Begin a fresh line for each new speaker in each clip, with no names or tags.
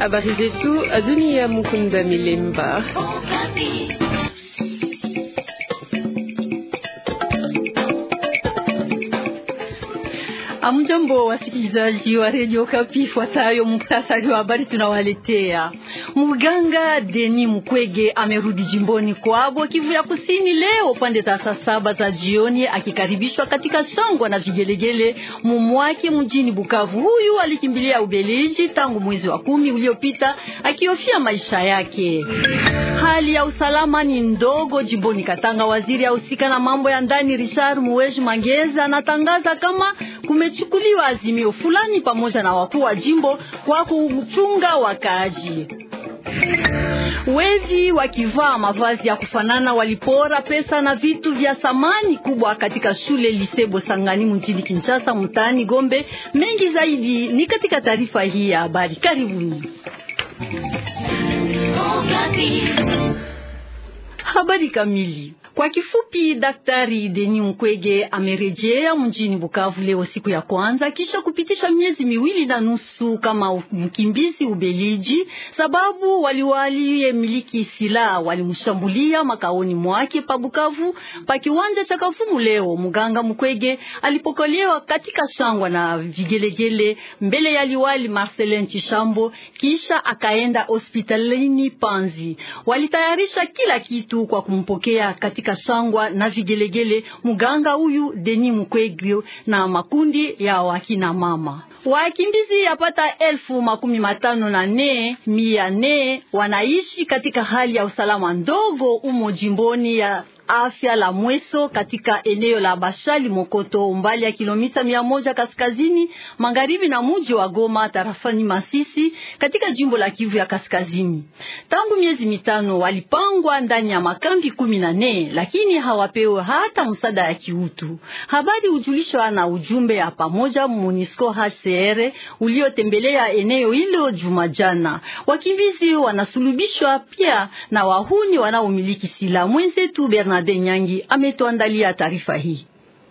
Habari zetu, Adunia Mukunda Milemba. Amjambo, wasikilizaji wa redio Kapi. Fuatayo muktasari wa habari tunawaletea. Mganga Deni mkwege amerudi jimboni Kwabo, Kivu ya Kusini leo pande za saa saba za jioni, akikaribishwa katika shangwa na vigelegele mumwake mjini Bukavu. Huyu alikimbilia ubeliji tangu mwezi wa kumi uliopita akihofia maisha yake. Hali ya usalama ni ndogo jimboni Katanga. Waziri ahusika na mambo ya ndani Richard Muweje Mangeza anatangaza kama kumechukuliwa azimio fulani pamoja na wakuu wa jimbo kwa kuchunga wakaaji. Wezi wakivaa mavazi ya kufanana walipora pesa na vitu vya thamani kubwa katika shule Lisebo Sangani mjini Kinshasa mtaani Gombe. Mengi zaidi ni katika taarifa hii ya habari. Karibuni. Habari kamili kwa kifupi, Daktari Deni Mkwege amerejea mjini Bukavu leo siku ya kwanza kisha kupitisha miezi miwili na nusu kama mkimbizi Ubeliji, sababu waliwalie miliki silaha walimshambulia makaoni mwake pa Bukavu pa kiwanja cha Kavumu. Leo mganga Mkwege alipokolewa katika shangwa na vigelegele mbele ya liwali Marcelin Chishambo, kisha akaenda hospitalini Panzi. Walitayarisha kila kitu kwa kumpokea katika Kasangwa na Vigelegele, muganga huyu Deni Mukwegyo na makundi ya wakina mama. Wakimbizi yapata elfu makumi matano na ne mia ne wanaishi katika hali ya usalama ndogo umo jimboni ya afya la Mweso katika eneo la Bashali Mokoto, umbali ya kilomita mia moja kaskazini magharibi na mji wa Goma tarafani Masisi katika jimbo la Kivu ya Kaskazini. Tangu miezi mitano walipangwa ndani ya makambi kumi na nne lakini hawapewe hata msaada ya kiutu. Habari hujulishwa na ujumbe ya pamoja MONUSCO HCR uliotembelea eneo hilo Jumajana. Wakimbizi wanasulubishwa pia na wahuni wanaomiliki silaha. Mwenzetu Bernard Made Nyangi ametuandalia taarifa hii.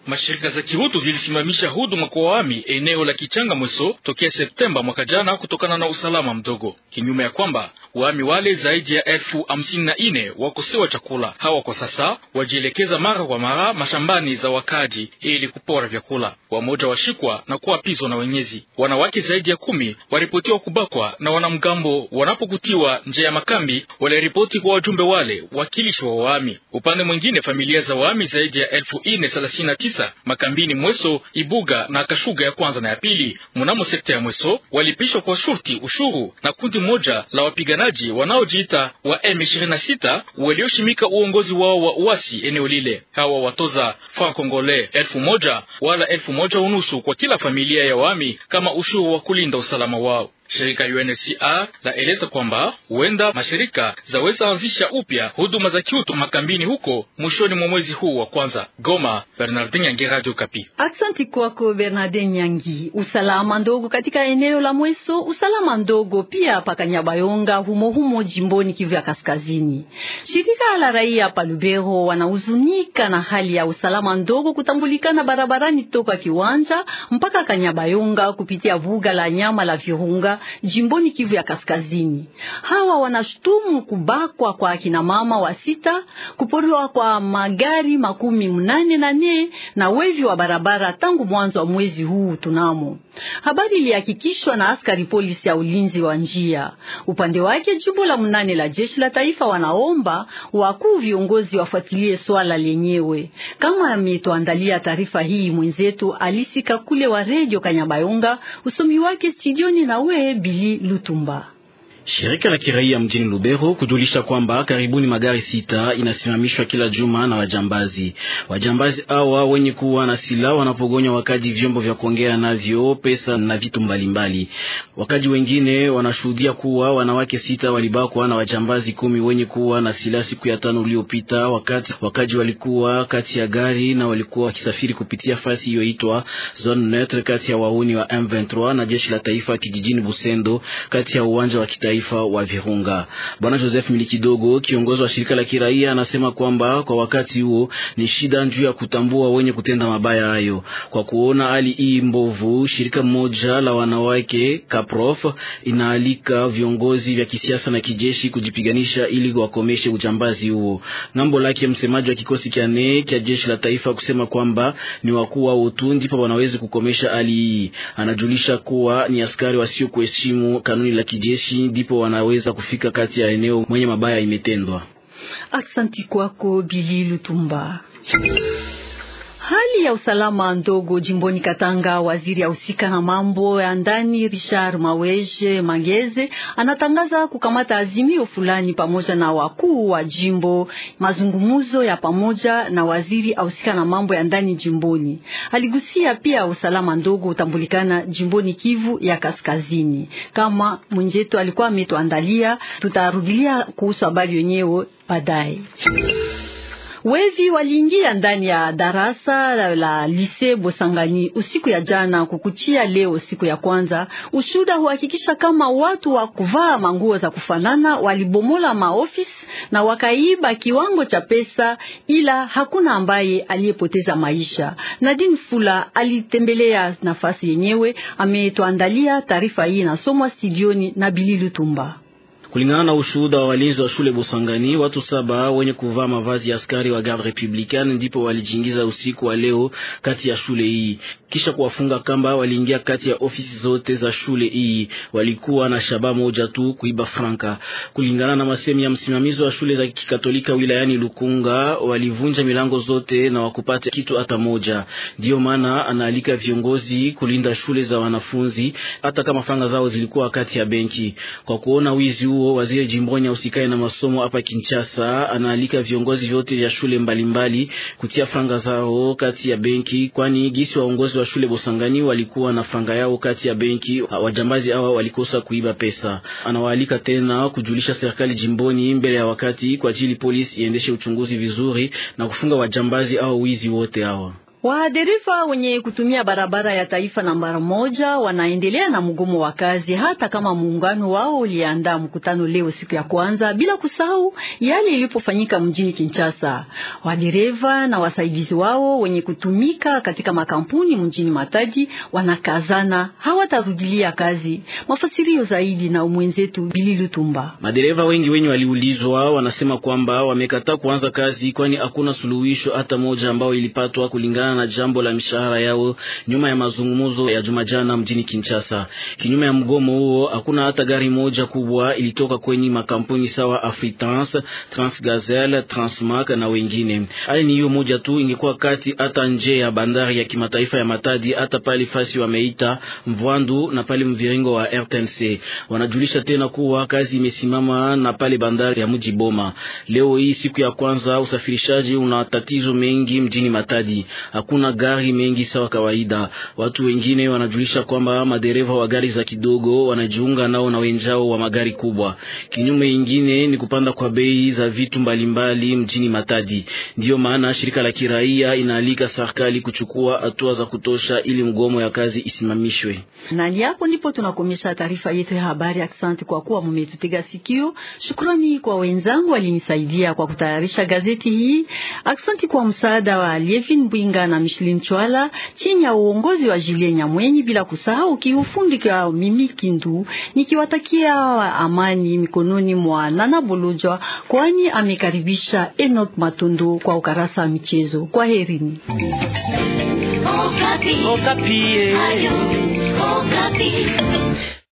Mashirika za kihutu zilisimamisha huduma kwa waami eneo la Kichanga Mweso tokea Septemba mwaka jana kutokana na usalama mdogo, kinyume ya kwamba Waami wale zaidi ya elfu hamsini na nne wakosewa chakula. Hawa kwa sasa wajielekeza mara kwa mara mashambani za wakaji ili kupora vyakula. Wamoja washikwa na kuapizwa na wenyezi. Wanawake zaidi ya kumi waripotiwa kubakwa na wanamgambo wanapokutiwa nje ya makambi, waliripoti kwa wajumbe wale wakilishi wa waami. Upande mwingine, familia za waami zaidi ya elfu nne thelathini na tisa makambini Mweso, Ibuga na Kashuga ya kwanza na ya pili mnamo sekta ya Mweso walipishwa kwa shurti ushuru na kundi moja la wapigana wapiganaji wanaojiita wa M26 walioshimika uongozi wao wa uasi eneo lile. Hawa watoza franc congolais elfu moja wala elfu moja unusu kwa kila familia ya wami kama ushuru wa kulinda usalama wao. Shirika UNHCR laeleza kwamba huenda mashirika zaweza anzisha upya huduma za kiutu makambini huko mwishoni mwa mwezi huu wa kwanza. Goma, Bernardin Nyangi, Radio Kapi.
Asante kwako Bernardin Nyangi. Usalama ndogo katika eneo la Mweso, usalama ndogo pia Nyabayonga humo humo jimboni Kivu ya Kaskazini. Shirika la raia Palubero wanahuzunika na hali ya usalama ndogo kutambulikana barabarani toka Kiwanja mpaka Kanyabayonga kupitia vuga la nyama la Virunga jimboni Kivu ya Kaskazini. Hawa wanashutumu kubakwa kwa akina mama wa sita, kuporiwa kwa magari makumi mnane na nne na wevi wa barabara tangu mwanzo wa mwezi huu tunamo. Habari ilihakikishwa na askari polisi ya ulinzi wa njia. Upande wake jimbo la mnane la jeshi la taifa wanaomba wakuu viongozi wafuatilie swala lenyewe, kama ametuandalia taarifa hii mwenzetu alisi kakule wa redio Kanyabayonga, usomi wake studioni nawe bili Lutumba.
Shirika la kiraia mjini Lubero kujulisha kwamba karibuni magari sita inasimamishwa kila juma na wajambazi. Wajambazi hawa wenye kuwa na silaha wanapogonya wakaji vyombo vya kuongea navyo pesa na vitu mbalimbali. Wakaji wengine wanashuhudia kuwa wanawake sita walibakwa na wajambazi kumi wenye kuwa na silaha siku ya tano uliopita, wakati wakaji walikuwa kati ya gari na walikuwa wakisafiri kupitia fasi iyoitwa zone neutre kati ya wauni wa M23 na jeshi la taifa kijijini Busendo kati ya uwanja wa kitaifa taifa wa Virunga. Bwana Joseph Milikidogo, kiongozi wa shirika la kiraia, anasema kwamba kwa wakati huo ni shida juu ya kutambua wenye kutenda mabaya hayo. Kwa kuona hali hii mbovu, shirika moja la wanawake Kaprof inaalika viongozi vya kisiasa na kijeshi kujipiganisha ili wakomeshe ujambazi huo. Ngambo lake msemaji wa kikosi cha nne cha jeshi la taifa kusema kwamba ni wakuu wa utundi pa wanawezi kukomesha hali hii. Anajulisha kuwa ni askari wasio kuheshimu kanuni la kijeshi D ndipo wanaweza kufika kati ya eneo mwenye mabaya imetendwa.
Asanti kwako Billy Lutumba. Hali ya usalama ndogo jimboni Katanga, waziri ahusika na mambo ya ndani Richard Maweje Mangeze anatangaza kukamata azimio fulani pamoja na wakuu wa jimbo, mazungumzo ya pamoja na waziri ahusika na mambo ya ndani jimboni. Aligusia pia usalama ndogo utambulikana jimboni Kivu ya Kaskazini. Kama mwenjetu alikuwa ametuandalia, tutarudilia kuhusu habari yenyewe baadaye. Wezi waliingia ndani ya darasa la, la lise Bosangani usiku ya jana kukuchia leo siku ya kwanza. Ushuda huhakikisha kama watu wa kuvaa manguo za kufanana walibomola maofisi na wakaiba kiwango cha pesa, ila hakuna ambaye aliyepoteza maisha. Nadine Fula alitembelea nafasi yenyewe, ametuandalia taarifa hii, inasomwa studioni na lutumba
Kulingana na ushuhuda wa walinzi wa shule Bosangani, watu saba wenye kuvaa mavazi ya askari wa Garde Republicaine ndipo walijiingiza usiku wa leo kati ya shule hii. Kisha kuwafunga kamba, waliingia kati ya ofisi zote za shule hii. Walikuwa na shabaha moja tu, kuiba franka. Kulingana na masemi ya msimamizi wa shule za Kikatolika wilayani Lukunga, walivunja milango zote na wakupata kitu hata moja. Ndiyo maana anaalika viongozi kulinda shule za wanafunzi hata kama franga zao zilikuwa kati ya benki. Kwa kuona wizi huu huo waziri jimboni ausikae na masomo hapa Kinshasa anaalika viongozi vyote vya shule mbalimbali mbali kutia franga zao kati ya benki, kwani gisi waongozi wa shule Bosangani walikuwa na franga yao kati ya benki, wajambazi hawa walikosa kuiba pesa. Anawaalika tena kujulisha serikali jimboni mbele ya wakati kwa ajili polisi iendeshe uchunguzi vizuri na kufunga wajambazi hao wizi wote hawa
wadereva wenye kutumia barabara ya taifa nambari moja wanaendelea na mgomo wa kazi hata kama muungano wao uliandaa mkutano leo siku ya kwanza, bila kusahau yale ilipofanyika mjini Kinshasa. Wadereva na wasaidizi wao wenye kutumika katika makampuni mjini Matadi wanakazana hawatarudilia kazi. Mafasirio zaidi na mwenzetu Bili Lutumba.
Madereva wengi wenye waliulizwa wanasema kwamba wamekataa kuanza kazi, kwani hakuna suluhisho hata moja ambayo ilipatwa kulingana kuhusiana na jambo la mishahara yao nyuma ya mazungumzo ya Jumajana mjini Kinshasa. Kinyume ya mgomo huo, hakuna hata gari moja kubwa ilitoka kwenye makampuni sawa Afritrans, Transgazelle, Transmark na wengine. Hali ni hiyo moja tu ingekuwa kati hata nje ya bandari ya kimataifa ya Matadi, hata pale fasi wameita Mvwandu na pale mviringo wa RTNC. Wanajulisha tena kuwa kazi imesimama na pale bandari ya mji Boma. Leo hii siku ya kwanza usafirishaji una tatizo mengi mjini Matadi hakuna gari mengi sawa kawaida. Watu wengine wanajulisha kwamba madereva wa gari za kidogo wanajiunga nao na wenjao wa magari kubwa. Kinyume ingine ni kupanda kwa bei za vitu mbalimbali mjini Matadi. Ndiyo maana shirika la kiraia inaalika serikali kuchukua hatua za kutosha ili mgomo ya kazi isimamishwe.
Na hapo ndipo tunakomesha taarifa yetu ya habari. Asante kwa kuwa mmetutega sikio. Shukrani kwa wenzangu walinisaidia kwa kutayarisha gazeti hii. Asante kwa msaada wa Levin Bwinga na Mishilin Chwala chini ya uongozi wa Julien Nyamwenyi, bila kusahau kiufundi kwa Mimi Kindu, nikiwatakia amani mikononi mwa Nana Bolojwa, kwani amekaribisha Enoch matundu kwa ukarasa wa michezo. Kwa herini. Okapi. Okapi. Eh. Ayu, Okapi.